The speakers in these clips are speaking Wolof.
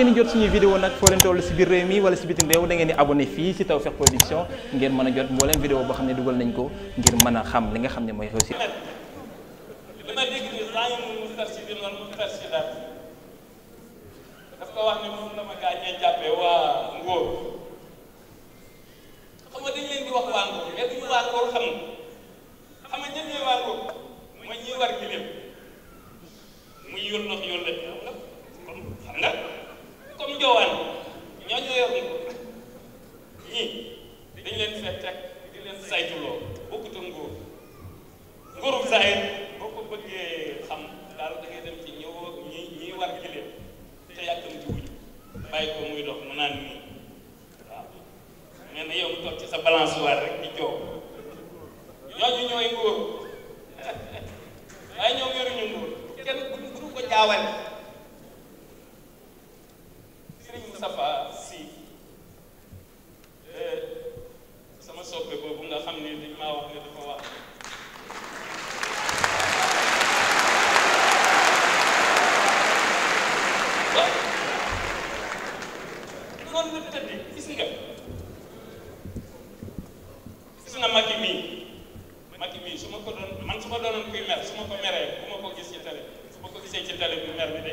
ngeen jot suñu vidéo nag foo leen toll si biir réew mi wala si bitim réew da ngeen di abonné fii si Tawfekh Production ngeen mën a jot mbooleem vidéo boo xam ne dugal nañ ko ngir mën a xam li nga xam ne mooy réussir li daf ko wax ne moom la ma gaa ñee jàppee waa ngóor xam nga dañ leen di wax waa ngóor yowaan ñooñu yor ni ko ñii dañ leen fee teg di leen saytuloo bokkut ak nguur nguurub zahir boo ko bëggee xam daal da dem ci ñëw ñi war giléem te yàkkamti wuñ bàyyi ko muy dox mu naan nii waaw mel na yow mu toog ci sa balance waar rek di coow ñooñu ñooy nguur noonu la tëdde gis nga gis nga Macky mii Macky mii su ma ko doon man su ma doonoon kuy mer su ma ko meree bu ma ko gis ci télé su ma ko gisee ci télé bu mer bi de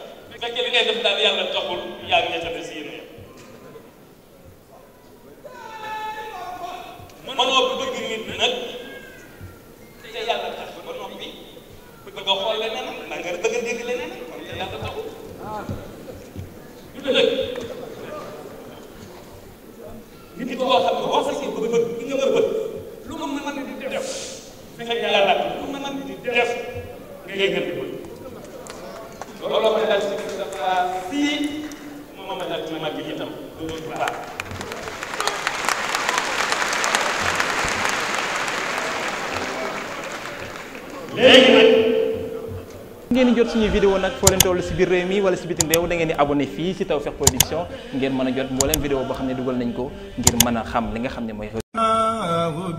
fekkee li ngay def daal yàlla taxul yaa ngi ñettale si yéen mënoo bëgg nit nag te yàlla tax ba noppi bëgg a xool leneen na nga bëgg a dégg leneen kon te yàlla taxul du dëgg nit boo xam ne wax si bëgg bëgg bi nga war bëgg lu ma mën a di def fekk yàlla lu ma mën a di def ngay gën di bëgg Moustapha Sy moom bi itam du bu baax léegi nag ngeen di jot suñuy vidéo nag foo leen toll si biir réew mi wala si bitim réew da ngeen di abonné fii si Tawfekh Production ngeen mën a jot mbooleem vidéo boo xam ne dugal nañ ko ngir mën a xam li nga xam ne mooy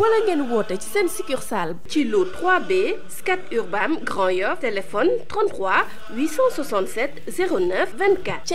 wala ngeen woote ci seen succursale ci lu 3B Scat Urbam Grand Yoff téléphone 33 867 09 24